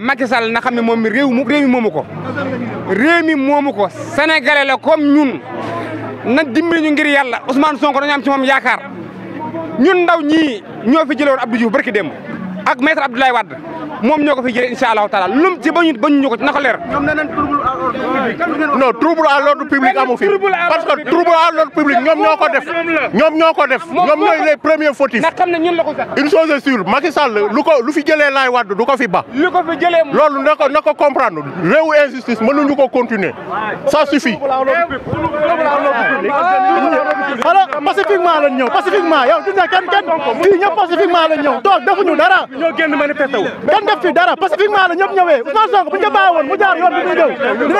Macky Sall na xam ne moom mi réew mi réew mi moomu ko réew mi moomu ko sénégalais la comme ñun na dimbali ñu ngir yàlla Ousmane Sonko dañu am ci moom yaakaar ñun ndaw ñii ñoo fi jëlee woon Abdou Diouf barki démb ak maître Abdoulaye Wade moom ñoo ko fi jëlee incha allahu taala lum ci bañu bañu ñu ko ci na ko leer non trouble à l'ordre public amu fi parce que trouble à l'ordre public ñoom ñoo ko def ñoom ñoo ko def ñoom ñooy les premiers fautifs lu fi jëlee laay wàdd du ko fi ba loolu na ko na ko comprendre mënuñu ko continuer ça suffit alors pacifiquement lañ ñëw pacifiquement yow gis nga kenn kenn fii ñëpp pacifiquement lañ ñëw toog defuñu dara kenn def fi dara pacifiquement la ñëpp ñëwee Ousmane Sonko bu ñu ko bàyyi mu jaar yoon bi muy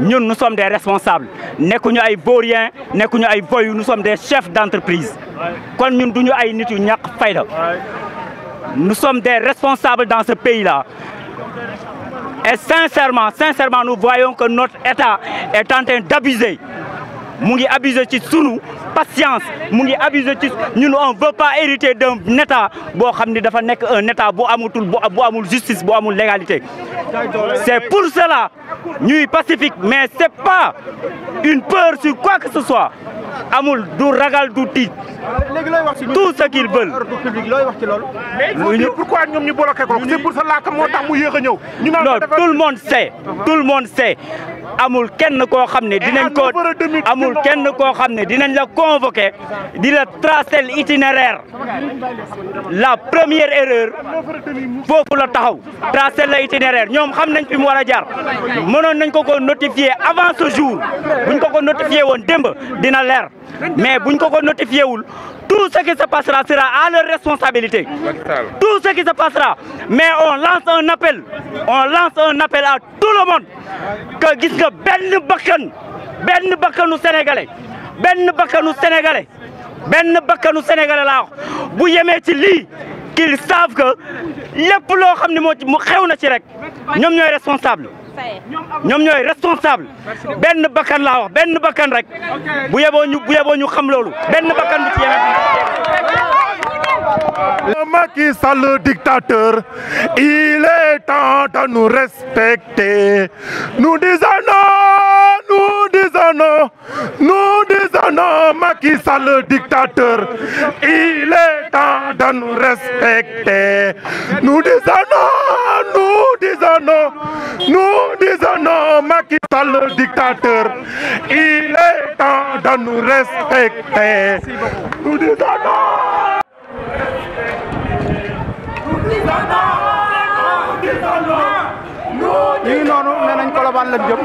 nous sommes des responsables nous sommes des chefs d'entreprise nous sommes des responsables dans ce pays-là et sincèrement sincèrement nous voyons que notre État est en train d'abuser Nous abuser patience nous ne veut pas hériter d'un état un état justice bu légalité c'est pour cela sommes pacifique mais n'est pas une peur sur quoi que ce soit du ragal du tout ce qu'ils veulent. c'est pour cela que tout le monde sait tout le monde sait amul kenn ko xamné dinañ ko amul kenn ko xamné dinañ la convoquer di la tracer l'itinéraire la première erreur foofu la taxaw tracer l'itinéraire ñom xam nañ fi mu wara a jaar mënoon nañ ko ko notifier avant ce jour buñ ko ko notifier won dina leer mais buñ ko ko notifier tout ce qui se passera sera à leur responsabilité. Tout ce qui se passera. Mais on lance un appel. On lance un appel à tout le monde. Que gis nga benn benn sénégalais benn nous sénégalais benn nous sénégalais là, vous bu mettez ci qu'ils savent que les loo xam ne ci mu ñoom ñooy responsable benn bakkan laa wax benn bakkan rek bu yeboo ñu ñu xam loolu benn bakkan bu ci yeboo Macky Sall dictateur il est temps de nous respecter nous disons non nous disons non nous dictateur il est temps de nous respecter nous disons Nous disons non, nous disons non, Macky Sall Il est temps de nous respecter. Nous disons non. Nous ngi noonu nee nañ kolobaan lañ jëm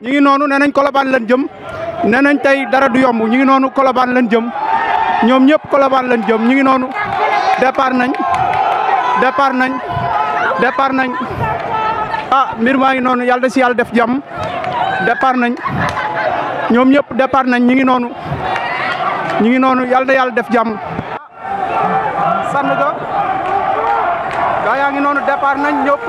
ñu ngi nañ kolobaan tey dara du yomb ñu ngi noonu kolobaan lañ jëm ñoom ñëpp kolobaan jëm ñu ngi noonu départ nañ départ nañ départ nañ a ah, mbir maa ngi noonu yàlla da si yàlla def jàmm départ nañ ñoom ñëpp départ nañ ñi ngi noonu ñi ngi noonu yàlla da yàlla def jàmm. Sandaga gaa yaa ngi noonu départ nañ ñëpp.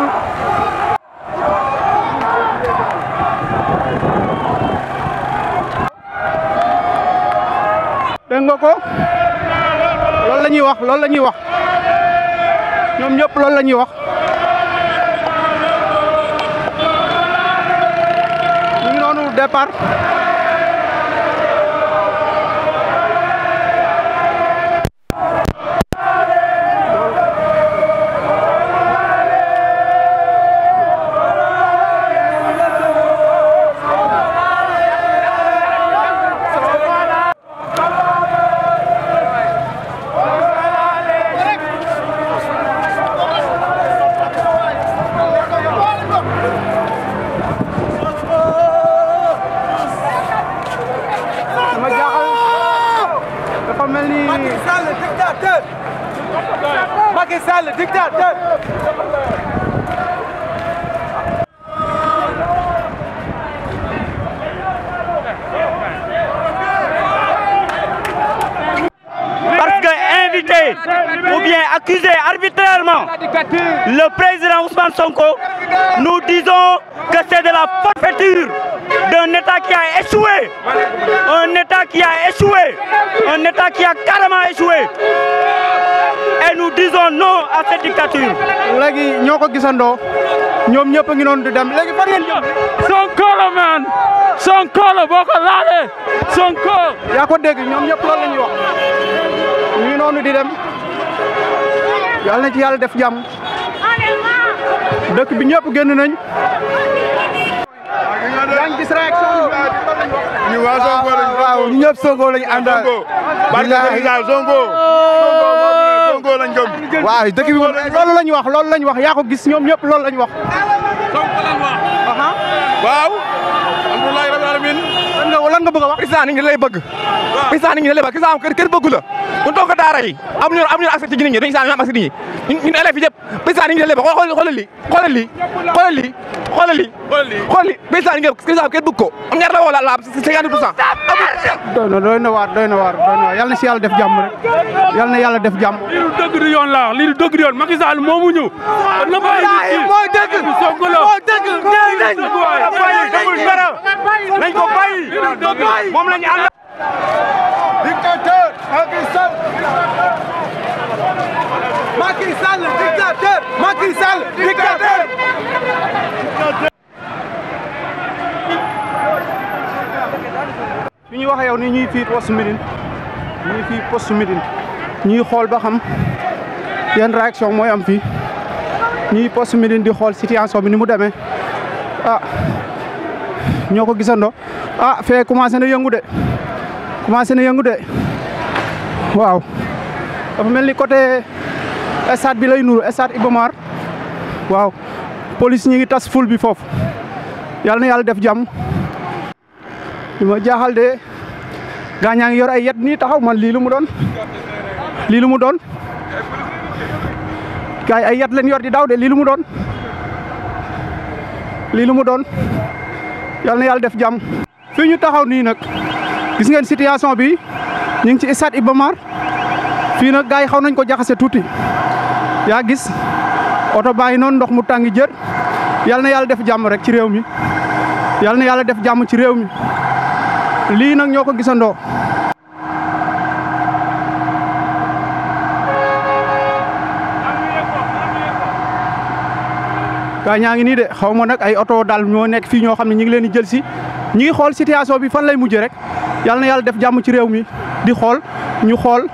dégg nga ko loolu la wax loolu lañuy ñuy wax ñoom ñëpp loolu lañuy wax. départ dictateur parce que invité ou bien accusé arbitrairement le président Ousmane Sonko nous disons que c'est de la forfaiture un État qui a échoué, un État qui a échoué, un État qui a carrément échoué. Et nous disons non à cette dictature. léegi ñoo ko gisandoo ñoom ñëpp a ngi noonu di dem léegi fan ngeen jëm. Sonko la man Sonko la boo ko laalee Sonko. yaa ko dégg ñoom ñëpp loolu la ñuy wax ñu ngi di dem yàlla ci yàlla def jàmm dëkk bi ñëpp génn nañ. gis réaction ñu waa Sonko lañu waaw ñu ñëpp Sonko lañu àndal barka Sonko Sonko lañ gëm waaw dëkk bi moom loolu lañ wax loolu lañ wax yaa gis ñoom ñëpp loolu lañ wax Sonko lañ wax waaw lan nga bëgg a wax président nit ñi lay bëgg président nit ñi lay bëgg président kenn bëggu la ñun toog ko daara yi am ñu am ñu accès ci nit ñi dañu saa ñu am accès nit ñi ñun élèves yi yëpp président nit ñi lay bëgg xoolal lii xoolal lii xoolal lii xoolal lii xoolal lii président nit ñi président kenn bëgg ko am ñaar la woo la la am cinquante pour cent doy na doy na waar doy na waar doy na waar yal na si yàlla def jàmm rek yal na yàlla def jàmm lii du dëgg du yoon laa lii du dëgg du yoon Macky Sall moomu ñu tekkiwul moom lañ ànd ñu waxee yow ni ñuy fii poste Médine ñuy fii poste Médine ñuy xool ba xam yan réaction mooy am fii ñuy poste Médine di xool situation bi ni mu demee ah ñoo ko gisandoo ah fee commencé na yëngu de commencé na yëngu de waaw dafa mel ni côté stade bi lay nuru stade Iba waaw police ñi ngi tas ful bi foofu yàlla na yàlla def jàmm li ma jaaxal de gaañaa ngi yor ay yet nii taxaw man lii lu mu doon lii lu mu doon gaay ay yet leen yor di daw de lii lu mu doon lilumu doon yal na yàlla def jàmm. fii ñu taxaw nii nag gis ngeen situation bi ñu ngi ci sat Iba Mar fii nag gars yi xaw nañ ko jaxase tuuti yaa gis oto baa ngi noonu ndox mu tàngi jër yal na yàlla def jàmm rek ci réew mi yal na yàlla def jàmm ci réew mi lii nag ñoo ko gisandoo. gaa ñaa ngi nii de xaw ma nag ay oto daal ñoo nekk fii ñoo xam ne ñu ngi leen di jël si ñu ngi xool situation bi fan lay mujjee rek yal na yàlla def jàmm ci réew mi di xool ñu xool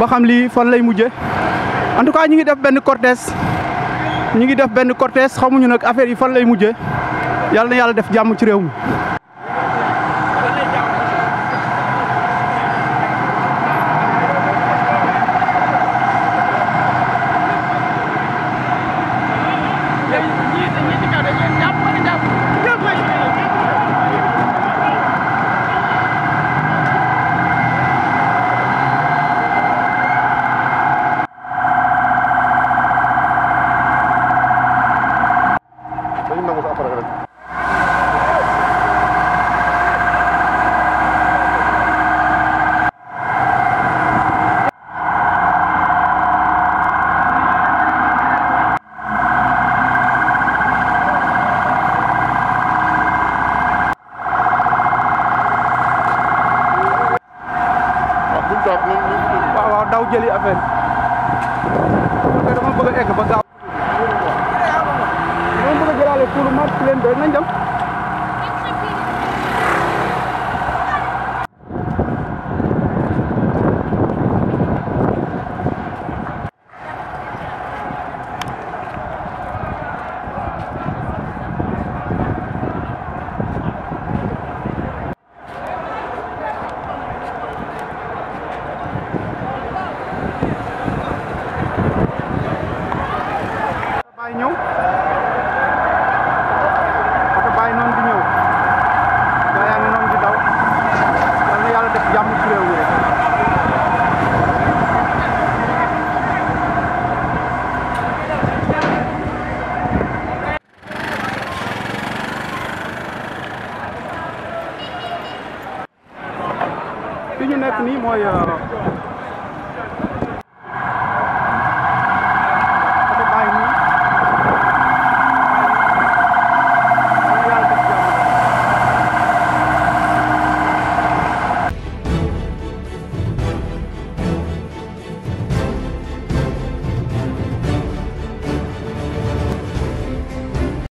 ba xam lii fan lay mujjee en tout cas ñu ngi def benn cortège ñu ngi def benn cortège xamuñu nag affaire yi fan lay mujje yal na yàlla def jàmm ci réew mi.